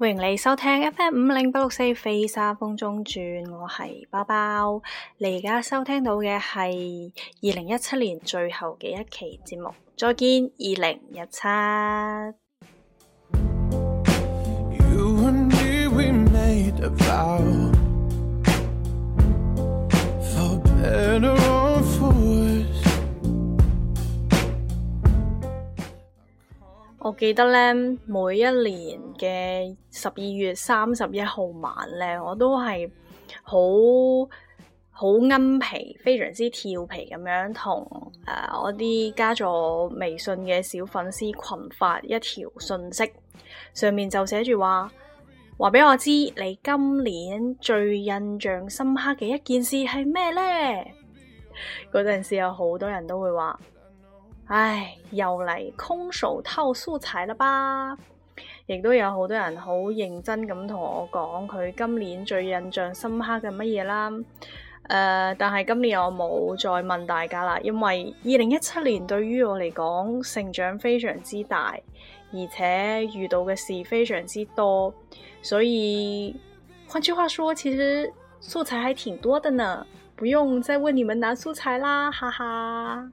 歡迎你收聽 FM 五零八六四飛沙風中傳，我係包包。你而家收聽到嘅係二零一七年最後嘅一期節目，再見二零一七。我記得咧，每一年嘅十二月三十一號晚咧，我都係好好恩皮，非常之調皮咁樣，同、呃、誒我啲加咗微信嘅小粉絲群發一條信息，上面就寫住話，「話俾我知你今年最印象深刻嘅一件事係咩呢？」嗰陣時有好多人都會話。唉，又嚟空手套素材了吧？亦都有好多人好認真咁同我講佢今年最印象深刻嘅乜嘢啦。誒、呃，但係今年我冇再問大家啦，因為二零一七年對於我嚟講成長非常之大，而且遇到嘅事非常之多，所以換句話說，其實素材還挺多的呢，不用再問你們拿素材啦，哈哈。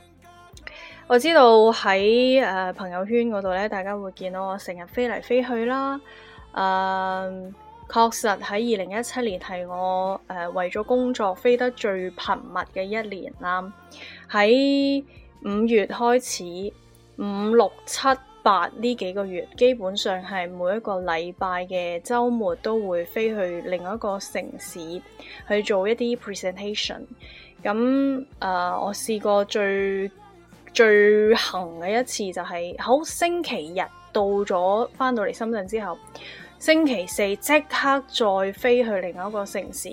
我知道喺誒、呃、朋友圈嗰度咧，大家會見到我成日飛嚟飛去啦。誒、呃，確實喺二零一七年係我誒、呃、為咗工作飛得最頻密嘅一年啦。喺五月開始，五六七八呢幾個月，基本上係每一個禮拜嘅週末都會飛去另外一個城市去做一啲 presentation。咁誒、呃，我試過最最行嘅一次就係、是、好星期日到咗返到嚟深圳之後，星期四即刻再飛去另一個城市。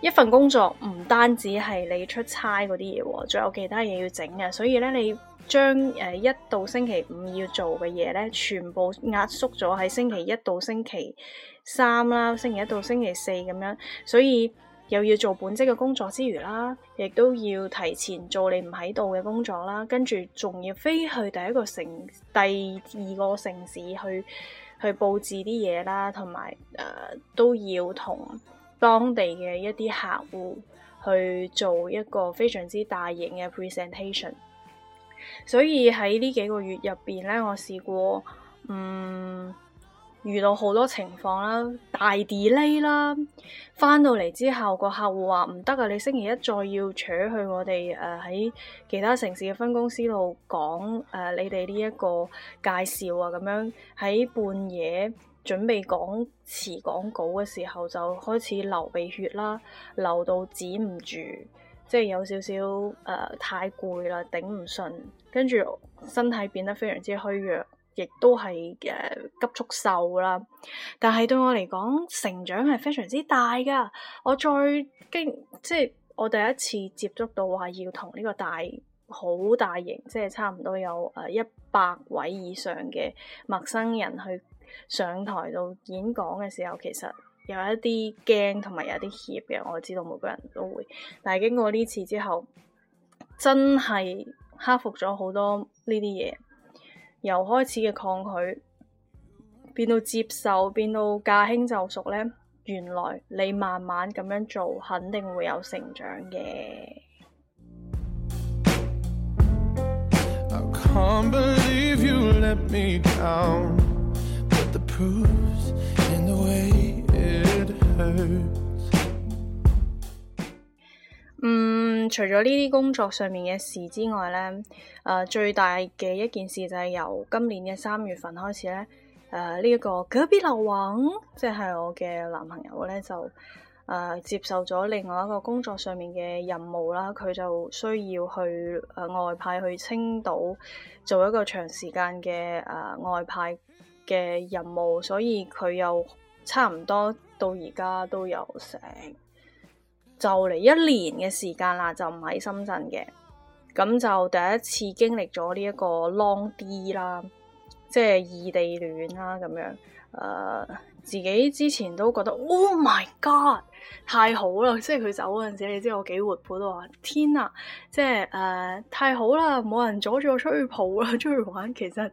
一份工作唔單止係你出差嗰啲嘢喎，仲有其他嘢要整嘅，所以咧你將誒、呃、一到星期五要做嘅嘢咧，全部壓縮咗喺星期一到星期三啦，星期一到星期四咁樣，所以。又要做本職嘅工作之餘啦，亦都要提前做你唔喺度嘅工作啦，跟住仲要飛去第一個城、第二個城市去去佈置啲嘢啦，同埋誒都要同當地嘅一啲客戶去做一個非常之大型嘅 presentation。所以喺呢幾個月入邊咧，我試過嗯，遇到好多情況啦，大 delay 啦，翻到嚟之後個客戶話唔得啊，你星期一再要扯去我哋誒喺其他城市嘅分公司度講誒你哋呢一個介紹啊，咁樣，喺半夜準備講詞講稿嘅時候就開始流鼻血啦，流到止唔住，即係有少少誒太攰啦，頂唔順，跟住身體變得非常之虛弱。亦都係誒、呃、急速瘦啦，但係對我嚟講，成長係非常之大㗎。我再經即係我第一次接觸到話要同呢個大好大型，即係差唔多有誒一百位以上嘅陌生人去上台度演講嘅時候，其實有一啲驚，同埋有一啲怯嘅。我知道每個人都會，但係經過呢次之後，真係克服咗好多呢啲嘢。由開始嘅抗拒，變到接受，變到駕輕就熟呢？原來你慢慢咁樣做，肯定會有成長嘅。嗯。除咗呢啲工作上面嘅事之外咧，誒、呃、最大嘅一件事就係由今年嘅三月份開始咧，誒呢一個隔壁 b r 即係我嘅男朋友咧，就誒、呃、接受咗另外一個工作上面嘅任務啦，佢就需要去誒外派去青島做一個長時間嘅誒外派嘅任務，所以佢又差唔多到而家都有成。就嚟一年嘅時間啦，就唔喺深圳嘅咁，就第一次經歷咗呢一個 long D 啦，即係異地戀啦咁樣。誒、呃，自己之前都覺得 Oh my God，太好啦！即係佢走嗰陣時，你知我幾活潑都話！天啊，即係誒、呃，太好啦！冇人阻住我出去蒲啦、啊，出去玩。其實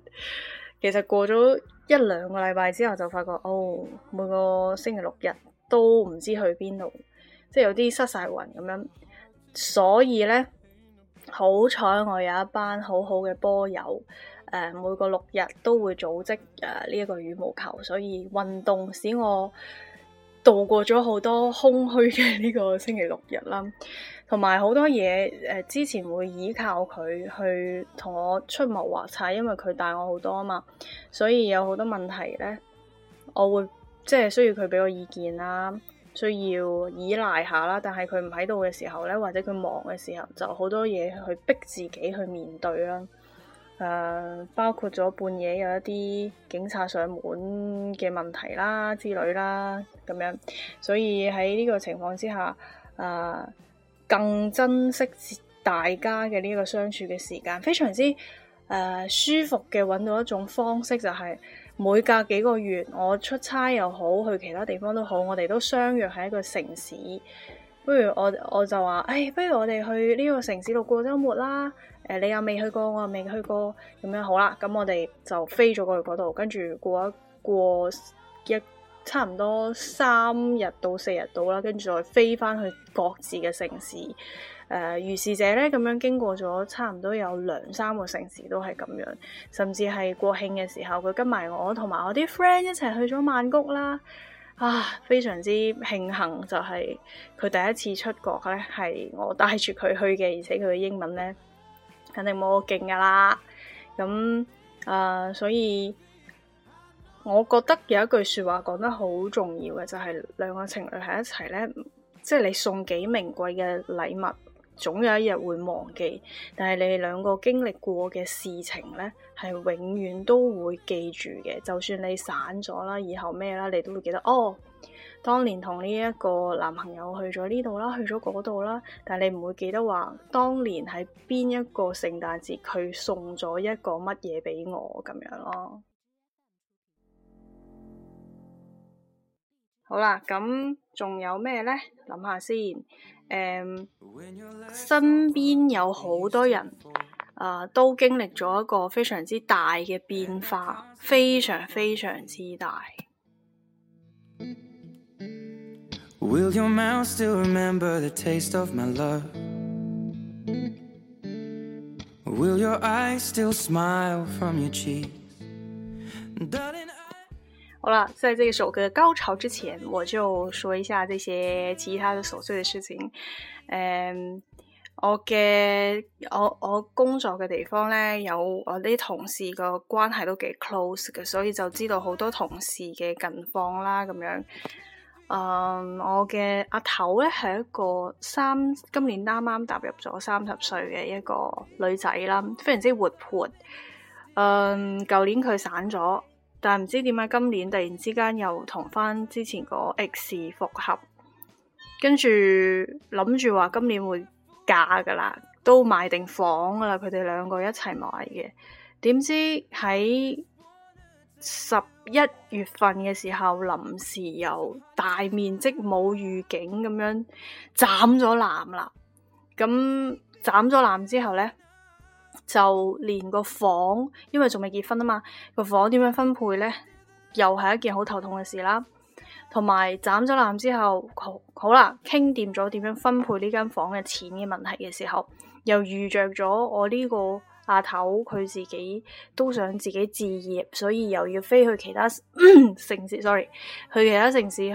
其實過咗一兩個禮拜之後，就發覺哦，每個星期六日都唔知去邊度。即係有啲失晒魂咁樣，所以呢，好彩我有一班好好嘅波友。誒、呃，每個六日都會組織啊呢一個羽毛球，所以運動使我度過咗好多空虛嘅呢個星期六日啦。同埋好多嘢，誒、呃，之前會依靠佢去同我出謀劃策，因為佢帶我好多啊嘛，所以有好多問題呢，我會即係需要佢俾我意見啦。需要依賴下啦，但係佢唔喺度嘅時候呢，或者佢忙嘅時候，就好多嘢去逼自己去面對啦。誒，包括咗半夜有一啲警察上門嘅問題啦之類啦，咁樣。所以喺呢個情況之下，誒，更珍惜大家嘅呢個相處嘅時間，非常之誒舒服嘅，揾到一種方式就係。每隔幾個月，我出差又好，去其他地方都好，我哋都相約喺一個城市。不如我我就話，誒，不如我哋去呢個城市度過周末啦。誒、呃，你又未去過，我又未去過，咁樣好啦。咁我哋就飛咗過去嗰度，跟住過一過一差唔多三日到四日到啦，跟住再飛翻去各自嘅城市。誒如是者咧，咁、呃、樣經過咗差唔多有兩三個城市都係咁樣，甚至係國慶嘅時候，佢跟埋我同埋我啲 friend 一齊去咗曼谷啦。啊，非常之慶幸，就係、是、佢第一次出國咧，係我帶住佢去嘅，而且佢嘅英文咧肯定冇我勁噶啦。咁、嗯、誒、呃，所以我覺得有一句説話講得好重要嘅，就係、是、兩個情侶喺一齊咧，即係你送幾名貴嘅禮物，總有一日會忘記，但係你哋兩個經歷過嘅事情咧，係永遠都會記住嘅。就算你散咗啦，以後咩啦，你都會記得。哦，當年同呢一個男朋友去咗呢度啦，去咗嗰度啦，但係你唔會記得話，當年喺邊一個聖誕節佢送咗一個乜嘢俾我咁樣咯。好啦，咁仲有咩呢？諗下先。誒，uh, 身邊有好多人啊，uh, 都經歷咗一個非常之大嘅變化，非常非常之大。好了，在這首歌高潮之前，我就說一下這些其他的瑣碎的事情。嗯，我嘅我我工作嘅地方咧，有我啲同事個關係都幾 close 嘅，所以就知道好多同事嘅近況啦咁樣。嗯，我嘅阿頭咧係一個三今年啱啱踏入咗三十歲嘅一個女仔啦，非常之活潑。嗯，舊年佢散咗。但唔知點解今年突然之間又同翻之前個 x 復合，跟住諗住話今年會嫁噶啦，都買定房噶啦，佢哋兩個一齊買嘅。點知喺十一月份嘅時候，臨時又大面積冇預警咁樣斬咗纜啦。咁斬咗纜之後咧？就連個房，因為仲未結婚啊嘛，個房點樣分配咧，又係一件好頭痛嘅事啦。同埋斬咗纜之後，好，好啦，傾掂咗點樣分配呢間房嘅錢嘅問題嘅時候，又遇着咗我呢個阿頭，佢自己都想自己置業，所以又要飛去其他 城市，sorry，去其他城市去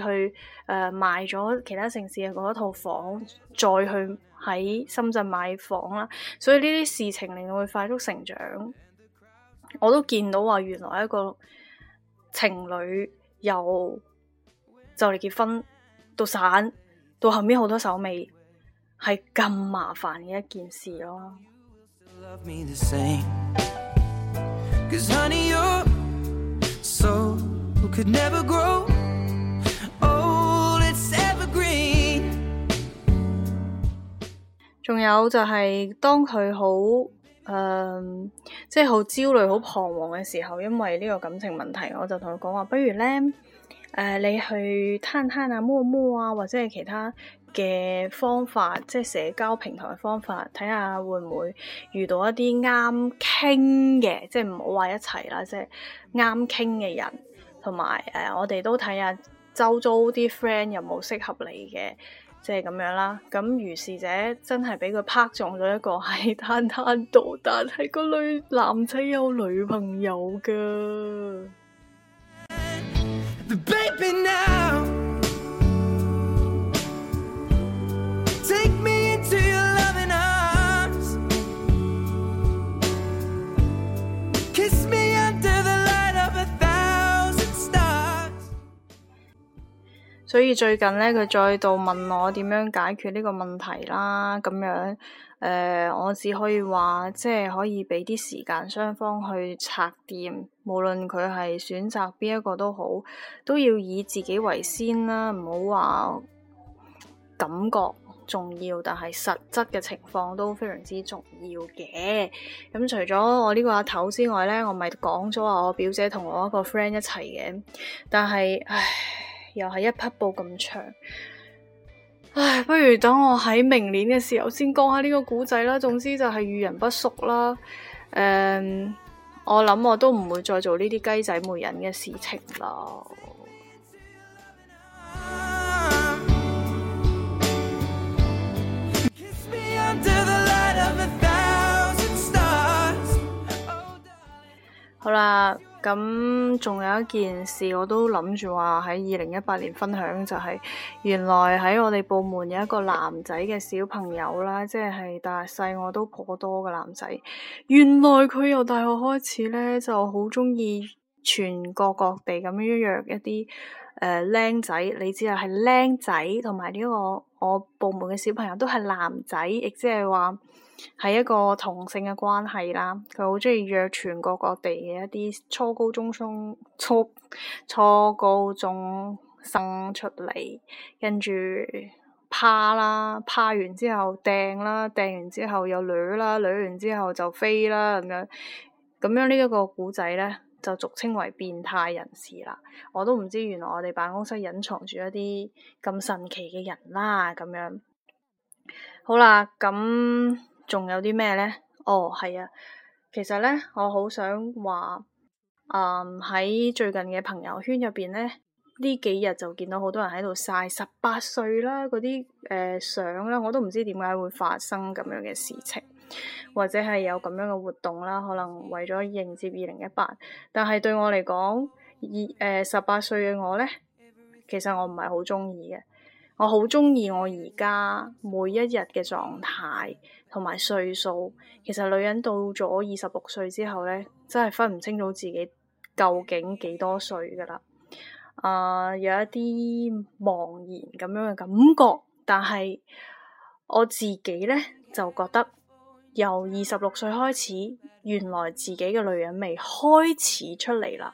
誒賣咗其他城市嘅嗰一套房，再去。喺深圳買房啦，所以呢啲事情令到佢快速成長。我都見到話，原來一個情侶由就嚟結婚到散，到後面好多手尾係咁麻煩嘅一件事咯。 仲有就係當佢好誒，即係好焦慮、好彷徨嘅時候，因為呢個感情問題，我就同佢講話，不如咧誒、呃，你去探探啊、摸摸啊，或者係其他嘅方法，即係社交平台嘅方法，睇下會唔會遇到一啲啱傾嘅，即係唔好話一齊啦，即係啱傾嘅人。同埋誒，我哋都睇下周遭啲 friend 有冇適合你嘅。即係咁樣啦，咁如是者真係俾佢拍中咗一個係攤攤度，但係個女男仔有女朋友噶。所以最近咧，佢再度問我點樣解決呢個問題啦，咁樣誒、呃，我只可以話即係可以畀啲時間雙方去拆掂，無論佢係選擇邊一個都好，都要以自己為先啦，唔好話感覺重要，但係實質嘅情況都非常之重要嘅。咁除咗我呢個阿頭之外咧，我咪講咗啊，我表姐同我一個 friend 一齊嘅，但係唉。又係一匹布咁長，唉，不如等我喺明年嘅時候先講下呢個古仔啦。總之就係遇人不淑啦。誒、嗯，我諗我都唔會再做呢啲雞仔媒人嘅事情啦。好啦，咁仲有一件事，我都諗住話喺二零一八年分享，就係原來喺我哋部門有一個男仔嘅小朋友啦，即係大細我都頗多嘅男仔。原來佢由大學開始咧就好中意全國各地咁樣約一啲誒僆仔，你知啦，係僆仔，同埋呢個我部門嘅小朋友都係男仔，亦即係話。係一個同性嘅關係啦，佢好中意約全國各地嘅一啲初高中生，初初高中生出嚟，跟住趴啦，趴完之後掟啦，掟完之後又捋啦，捋完之後就飛啦，咁樣咁樣這呢一個古仔咧，就俗稱為變態人士啦。我都唔知原來我哋辦公室隱藏住一啲咁神奇嘅人啦，咁樣好啦，咁。仲有啲咩呢？哦，係啊，其實呢，我好想話，誒、嗯、喺最近嘅朋友圈入邊呢，呢幾日就見到好多人喺度晒十八歲啦，嗰啲誒相啦，我都唔知點解會發生咁樣嘅事情，或者係有咁樣嘅活動啦。可能為咗迎接二零一八，但係對我嚟講，二誒十八歲嘅我呢，其實我唔係好中意嘅。我好中意我而家每一日嘅狀態。同埋歲數，其實女人到咗二十六歲之後咧，真係分唔清楚自己究竟幾多歲噶啦。啊、呃，有一啲茫然咁樣嘅感覺，但係我自己咧就覺得，由二十六歲開始，原來自己嘅女人味開始出嚟啦，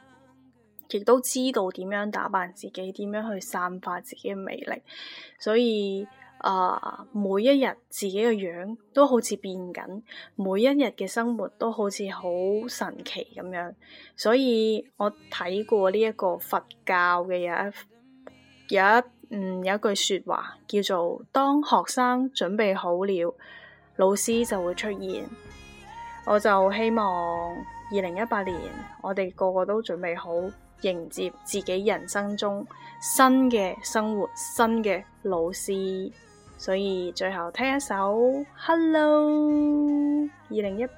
亦都知道點樣打扮自己，點樣去散發自己嘅魅力，所以。啊、uh，每一日自己嘅樣都好似變緊，每一日嘅生活都好似好神奇咁樣。所以我睇過呢一個佛教嘅有一有一嗯有一句說話叫做：當學生準備好了，老師就會出現。我就希望二零一八年我哋個個都準備好迎接自己人生中新嘅生活、新嘅老師。所以最後聽一首《Hello 2018》。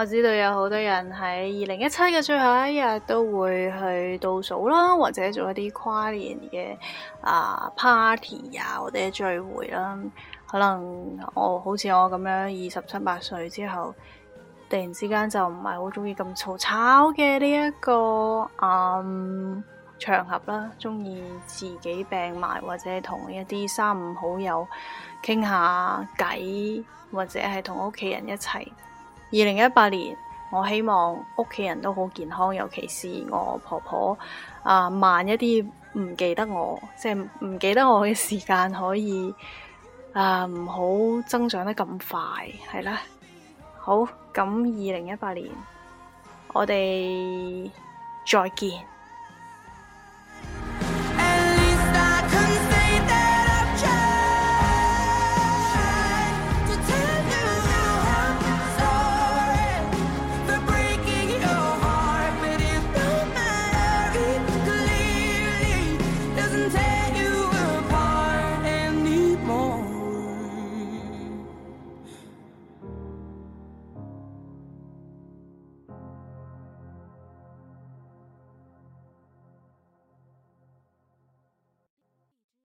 我知道有好多人喺二零一七嘅最後一日都會去倒數啦，或者做一啲跨年嘅啊、呃、party 啊或者聚會啦。可能我好似我咁樣二十七八歲之後，突然之間就唔係好中意咁嘈吵嘅呢一個啊、呃、場合啦，中意自己病埋或者同一啲三五好友傾下偈，或者係同屋企人一齊。二零一八年，我希望屋企人都好健康，尤其是我婆婆啊，呃，慢一啲，唔記得我，即係唔記得我嘅時間，可以啊，呃，唔好增長得咁快，係啦。好，咁二零一八年，我哋再見。